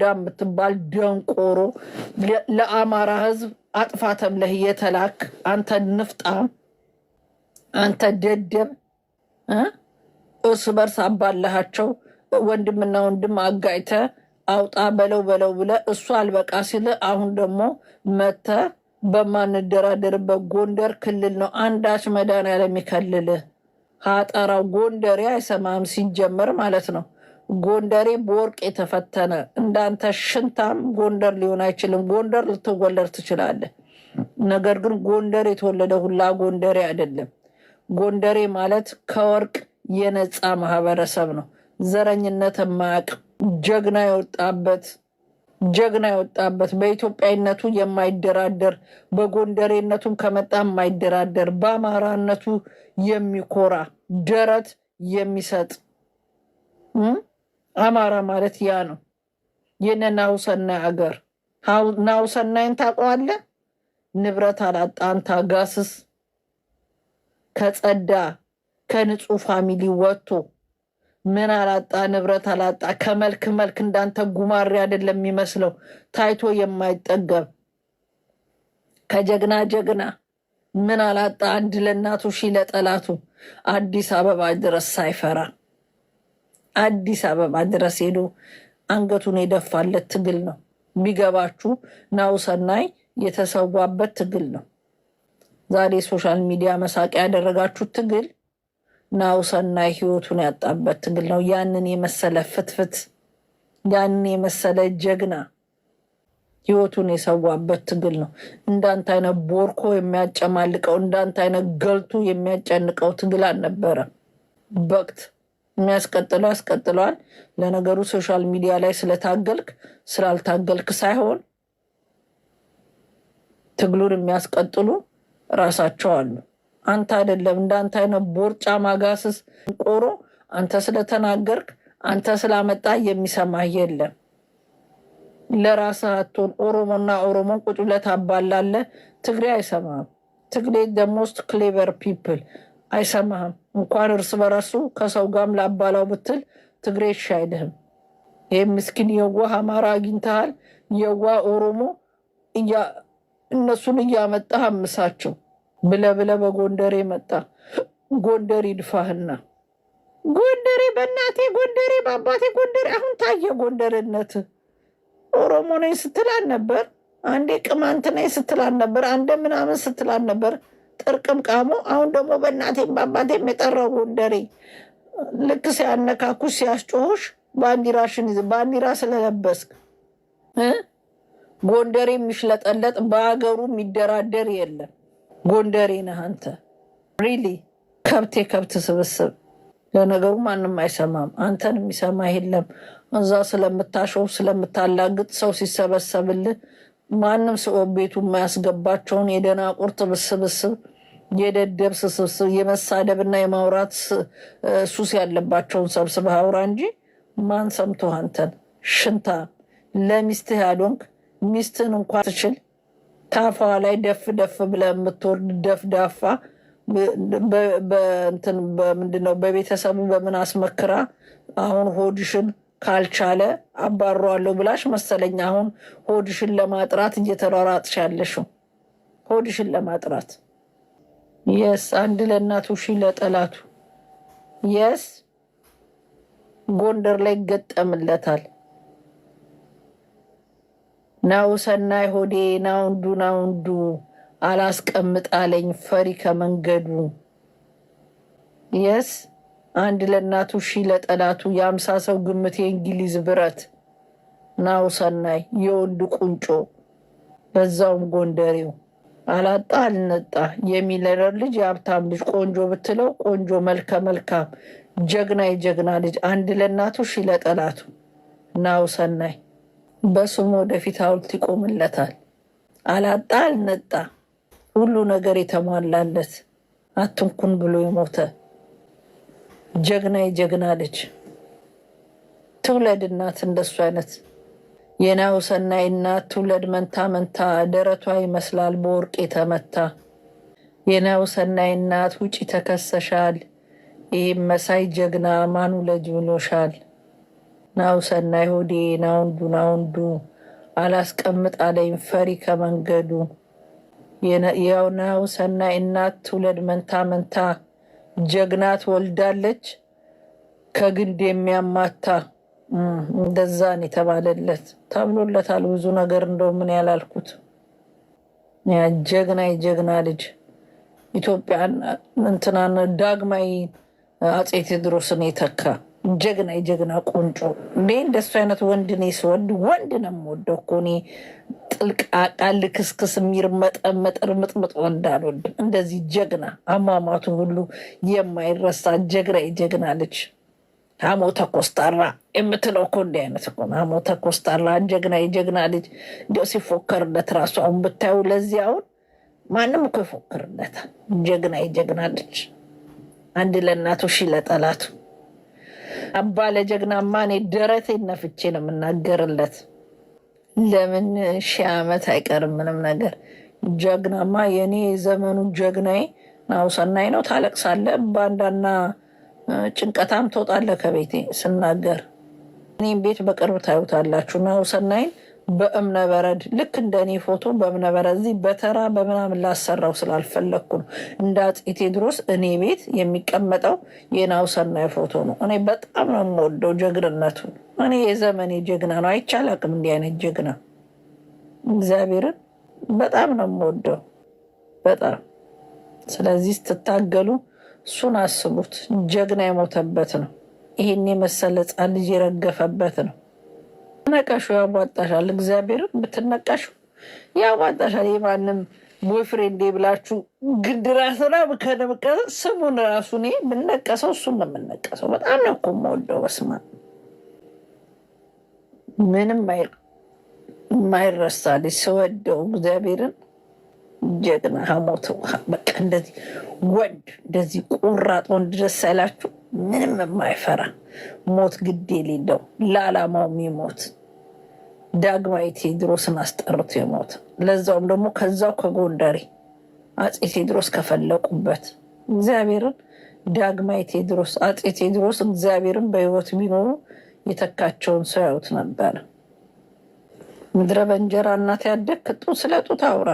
ዳ የምትባል ደንቆሮ ለአማራ ህዝብ አጥፋተም ለህ የተላክ አንተ ንፍጣ፣ አንተ ደደብ፣ እርስ በርስ አባላሃቸው ወንድምና ወንድም አጋይተ አውጣ በለው በለው ብለ እሱ አልበቃ ሲል አሁን ደግሞ መተ በማንደራደርበት ጎንደር ክልል ነው አንዳች መዳን የሚከልልህ ሀጠራው ጎንደሬ አይሰማም ሲጀመር ማለት ነው። ጎንደሬ በወርቅ የተፈተነ እንዳንተ ሽንታም ጎንደር ሊሆን አይችልም። ጎንደር ልትወለድ ትችላለህ። ነገር ግን ጎንደር የተወለደ ሁላ ጎንደሬ አይደለም። ጎንደሬ ማለት ከወርቅ የነፃ ማህበረሰብ ነው። ዘረኝነት የማያውቅ ጀግና የወጣበት ጀግና የወጣበት በኢትዮጵያዊነቱ የማይደራደር በጎንደሬነቱም ከመጣ የማይደራደር በአማራነቱ የሚኮራ ደረት የሚሰጥ አማራ ማለት ያ ነው። ይህን ናሁሰናይ አገር ናውሰናይን ታውቀዋለህ? ንብረት አላጣንታ ጋስስ ከጸዳ ከንጹህ ፋሚሊ ወጥቶ ምን አላጣ ንብረት አላጣ። ከመልክ መልክ እንዳንተ ጉማሬ አይደለም የሚመስለው ታይቶ የማይጠገብ ከጀግና ጀግና ምን አላጣ። አንድ ለእናቱ ሺ ለጠላቱ አዲስ አበባ ድረስ ሳይፈራ አዲስ አበባ ድረስ ሄዶ አንገቱን የደፋለት ትግል ነው። ቢገባችሁ ናውሰናይ የተሰዋበት ትግል ነው። ዛሬ ሶሻል ሚዲያ መሳቂያ ያደረጋችሁት ትግል ናውሰናይ ህይወቱን ያጣበት ትግል ነው። ያንን የመሰለ ፍትፍት፣ ያንን የመሰለ ጀግና ህይወቱን የሰዋበት ትግል ነው። እንዳንተ አይነት ቦርኮ የሚያጨማልቀው፣ እንዳንተ አይነት ገልቱ የሚያጨንቀው ትግል አልነበረም። በቅት የሚያስቀጥለው ያስቀጥለዋል። ለነገሩ ሶሻል ሚዲያ ላይ ስለታገልክ ስላልታገልክ ሳይሆን ትግሉን የሚያስቀጥሉ ራሳቸው አሉ። አንተ አይደለም እንዳንተ አይነት ቦርጫ ማጋስስ ቆሮ አንተ ስለተናገርክ አንተ ስላመጣ የሚሰማ የለም። ለራስህ አትሆን። ኦሮሞና ኦሮሞን ቁጭ ብለህ ታባላለህ። ትግሬ አይሰማም። ትግሬ ደሞስት ክሌቨር ፒፕል አይሰማህም። እንኳን እርስ በራሱ ከሰው ጋም ላባላው ብትል ትግሬ እሺ አይልህም። ምስኪን የዋህ አማራ አግኝተሃል፣ የዋህ ኦሮሞ እነሱን እያመጣህ አምሳቸው ብለብለ ብለ በጎንደሬ መጣ። ጎንደር ይድፋህና ጎንደሬ በእናቴ ጎንደሬ በአባቴ ጎንደሬ። አሁን ታየ ጎንደርነት። ኦሮሞ ነኝ ስትላል ነበር፣ አንዴ ቅማንት ነኝ ስትላል ነበር፣ አንዴ ምናምን ስትላል ነበር። ጥርቅም ቃሞ አሁን ደግሞ በእናቴም በአባቴም የጠራው ጎንደሬ ልክ ሲያነካኩ ሲያስጮሆሽ ባንዲራሽን ይዘ ባንዲራ ስለለበስክ ጎንደሬ የሚሽለጠለጥ በሀገሩ የሚደራደር የለም። ጎንደሬ ነህ አንተ። ሪሊ ከብት የከብት ስብስብ። ለነገሩ ማንም አይሰማም፣ አንተን የሚሰማ የለም። እዛ ስለምታሾው ስለምታላግጥ ሰው ሲሰበሰብልህ ማንም ሰው ቤቱ የማያስገባቸውን የደናቁርት ብስብስብ የደደብ ስብስብ የመሳደብና የማውራት ሱስ ያለባቸውን ሰብስብ አውራ እንጂ ማን ሰምቶ አንተን ሽንታ ለሚስትህ ያዶንክ ሚስትህን እንኳ ትችል ታፋ ላይ ደፍ ደፍ ብለህ የምትወርድ ደፍ ዳፋ ምንድን ነው? በቤተሰብ በምን አስመክራ አሁን ሆድሽን ካልቻለ አባሯዋለሁ ብላሽ መሰለኝ። አሁን ሆድሽን ለማጥራት እየተሯራጥሽ ያለሽው ሆድሽን ለማጥራት የስ አንድ ለእናቱ ሺ ለጠላቱ የስ ጎንደር ላይ ይገጠምለታል። ናው ሰናይ ሆዴ ናውንዱ ናውንዱ አላስቀምጣለኝ ፈሪ ከመንገዱ የስ አንድ ለእናቱ ሺ ለጠላቱ የአምሳ ሰው ግምት የእንግሊዝ ብረት ናው ሰናይ የወንድ ቁንጮ በዛውም ጎንደሬው አላጣ አልነጣ የሚለረር ልጅ የሀብታም ልጅ ቆንጆ ብትለው ቆንጆ መልከ መልካም ጀግና የጀግና ልጅ አንድ ለእናቱ ሺ ለጠላቱ ናው ሰናይ በስሙ ወደፊት ሐውልት ይቆምለታል። አላጣ አልነጣ ሁሉ ነገር የተሟላለት አትንኩን ብሎ የሞተ ጀግና የጀግና ልጅ ትውለድ እናት እንደሱ አይነት ሰናይ እናት ትውለድ መንታ መንታ ደረቷ ይመስላል በወርቅ የተመታ ሰናይ እናት ውጪ ተከሰሻል ይህም መሳይ ጀግና ማኑ ለጅ ብሎሻል ሰናይ ሆዴ ናውንዱ ናውንዱ አላስቀምጥ አለኝ ፈሪ ከመንገዱ ሰናይ እናት ትውለድ መንታ መንታ ጀግና ትወልዳለች ከግንድ የሚያማታ እንደዛን የተባለለት ተብሎለታል። ብዙ ነገር እንደው ምን ያላልኩት ጀግና የጀግና ልጅ ኢትዮጵያን እንትናን ዳግማዊ አፄ ቴዎድሮስን የተካ ጀግና የጀግና ቁንጮ እንዴ! እንደሱ አይነት ወንድ እኔ ስወድ ወንድ ነው የምወደው እኮ እኔ ቅልቃቃ ልክስክስ የሚርመጠመጥ ርምጥምጥ ወንድ እንደዚህ ጀግና አማማቱ ሁሉ የማይረሳ ጀግና የጀግና ልጅ ሀሞተ ኮስታራ የምትለው እኮ እንዲህ አይነት እኮ ሀሞተ ኮስታራ ጀግና የጀግና ልጅ እንዲ ሲፎከርለት ራሱ አሁን ብታዩ ለዚህ አሁን ማንም እኮ ይፎክርለታል። ጀግና የጀግና ልጅ አንድ ለእናቱ ሺ ለጠላቱ አባ ለጀግናማ ማኔ ደረቴ ነፍቼ ነው የምናገርለት። ለምን ሺህ ዓመት አይቀርም? ምንም ነገር ጀግናማ የኔ የዘመኑ ጀግናዬ ሰናይ ነው። ታለቅሳለህ፣ ባንዳና ጭንቀታም ትወጣለህ ከቤቴ ስናገር። እኔም ቤት በቅርብ ታዩታላችሁ። ናሁሰናይን በረድ ልክ እንደ እኔ ፎቶ በረድ እዚህ በተራ በምናምን ላሰራው ስላልፈለግኩ ነው። እንደ አፄ ቴዎድሮስ እኔ ቤት የሚቀመጠው ሰናይ ፎቶ ነው። እኔ በጣም ነው የምወደው ጀግንነቱን። እኔ የዘመኔ ጀግና ነው። አይቻል አቅም እንዲህ አይነት ጀግና እግዚአብሔርን በጣም ነው የምወደው በጣም ስለዚህ ስትታገሉ እሱን አስቡት። ጀግና የሞተበት ነው። ይህን የመሰለ ሕፃን ልጅ የረገፈበት ነው። ነቀሹ ያዋጣሻል። እግዚአብሔርን ብትነቀሹ ያዋጣሻል። የማንም ቦይፍሬንድ ብላችሁ ግድ ራስ ከደምቀ ስሙን ራሱ እኔ እሱን ነው የምነቀሰው። በጣም ነው እኮ የምወደው በስማ ምንም የማይረሳ ልጅ ስወደው እግዚአብሔርን ጀግና ሀሞት በቃ እንደዚህ ወንድ እንደዚህ ቁራጥ ወንድ ደስ አይላችሁ? ምንም የማይፈራ ሞት ግድ የሌለው ለዓላማው የሚሞት ዳግማዊ ቴዎድሮስን አስጠሩት የሞት ለዛውም ደግሞ ከዛው ከጎንደሬ አፄ ቴዎድሮስ ከፈለቁበት እግዚአብሔርን ዳግማዊ ቴዎድሮስ አፄ ቴዎድሮስ እግዚአብሔርን በህይወት ቢኖሩ የተካቸውን ሰው ያዩት ነበር። ምድረ በእንጀራ እናት ያደግ ጡት ስለ ጡት አውራ